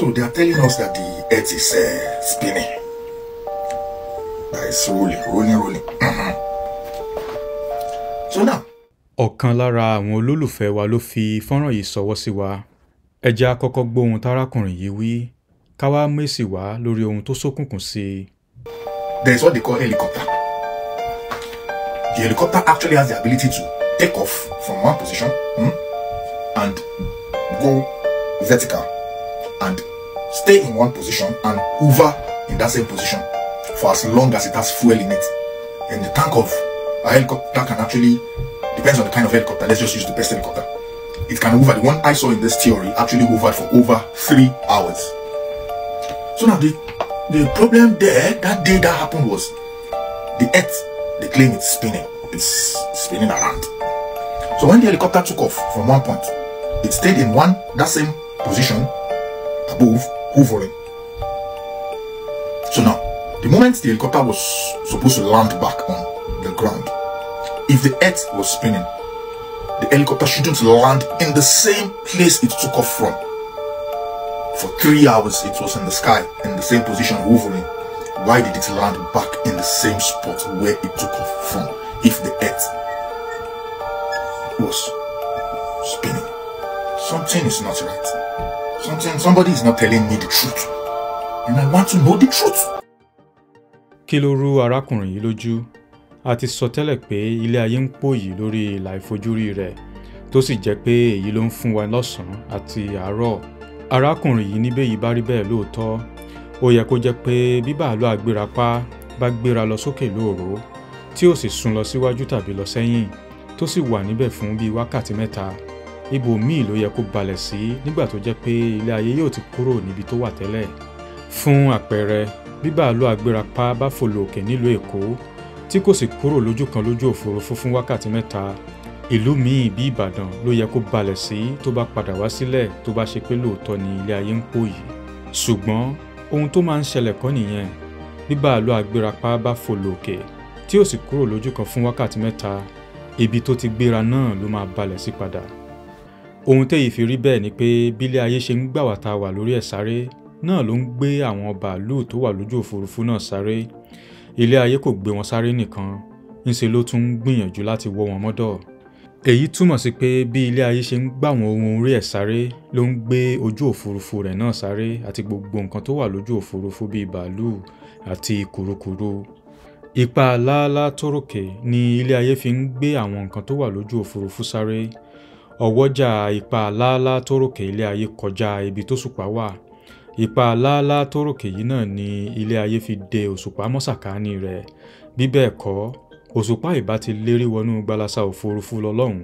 So they are telling us that the earth is uh, spinning. That is rolling, rolling, rolling. so now. ọ̀kan lára àwọn olólùfẹ́ wa ló fi fọ́nrán yìí ṣọwọ́ sí wa ẹ jẹ́ á kọ́kọ́ gbóhun tárákùnrin yìí wí ká wá mèsì wá lórí ohun tó ṣókùnkùn sí i. There is what they call helicopter. The helicopter actually has the ability to take off from one position hmm, and go vertical and stay in one position and hover in that same position for as long as it has fuel in it. And the tank of a helicopter can actually, depends on the kind of helicopter, let's just use the best helicopter. It can hover, the one I saw in this theory actually hovered for over three hours. So now the, the problem there, that day that happened was the earth, they claim it's spinning, it's spinning around. So when the helicopter took off from one point, it stayed in one, that same position above hovering. So now, the moment the helicopter was supposed to land back on the ground, if the earth was spinning, the helicopter shouldn't land in the same place it took off from. For three hours it was in the sky, in the same position hovering. Why did it land back in the same spot where it took off from if the earth was spinning? Something is not right. Something somebody is not telling me the truth and I want to know the truth. Kí ló rú arákùnrin yìí lójú? A ti sọ tẹ́lẹ̀ pé ilé ayé ń pòyì lórí ìlà ìfojúrí rẹ̀ tó sì jẹ́ pé èyí ló ń fún wa lọ́sàn-án àti àárọ̀. Arákùnrin yìí níbẹ̀ yìí bá rí bẹ́ẹ̀ lóòótọ́. Ó yẹ kó jẹ́ pé bí bàálù agbérapá bá gbéra lọ sókè lóòró tí ó sì sún lọ síwájú tàbí lọ sẹ́yìn tó sì wà níbẹ̀ fún bíi wákàtí mẹ́ta ibò míì ló yẹ kó balẹ̀ sí nígbà tó jẹ́ pé ilé ayé yóò ti kúrò níbi tó wà tẹ́lẹ̀ fún àpẹẹrẹ bí bàálù agbérapá bá fòlò òkè nílùú èkó tí kò sì kúrò lójú kan lójú òfurufú fún wákàtí mẹ́ta ìlú míì bí ìbàdàn ló yẹ kó balẹ̀ sí tó bá padà wá sílẹ̀ tó bá ṣe pé lóòótọ́ ni ilé ayé ń pò yìí ṣùgbọ́n ohun tó máa ń ṣẹlẹ̀ kọ́ nìyẹn bí bàálù agbérapá bá fòlò òkè tí ó sì kúrò lójú kan fún wákàtí mẹ́ta ibi tó ti gbéra náà ló máa balẹ̀ sí padà ohun téyìí fi rí bẹ́ẹ̀ ni pé bílé ayé ṣe ń gbà wá ta wà lórí ẹ̀ sáré náà ló ń gbé àwọn bàálù tó wà lójú òfurufú náà sáré ilé ayé kò gbé wọn sáré nìkan ńṣe ló tún ń gbìyànjú láti wọ́ wọn mọ́dọ̀ èyí túmọ̀ sí pé bí ilé ayé ṣe ń gbà wọn ohun orí ẹ̀ sáré ló ń gbé ojú òfurufú rẹ̀ náà sáré àti gbogbo nǹkan tó wà lójú òfurufú bíi bàálù àti kùrukùru ipa làálàá tóròkè ni ilé ayé fi ń gbé àwọn nǹkan tó wà lójú òfurufú sáré ọ̀wọ́jà ipa láálá tó ròkè ilé ayé kọjá ibi tó sùpá wà ipa láálá tó yìí náà ni ilé ayé fi de òṣùpá mọ́sàkání rẹ̀ bí bẹ́ẹ̀ kọ́ òṣùpá ìbá ti lérí wọnú gbalasa òfurufú lọ lọ́hùn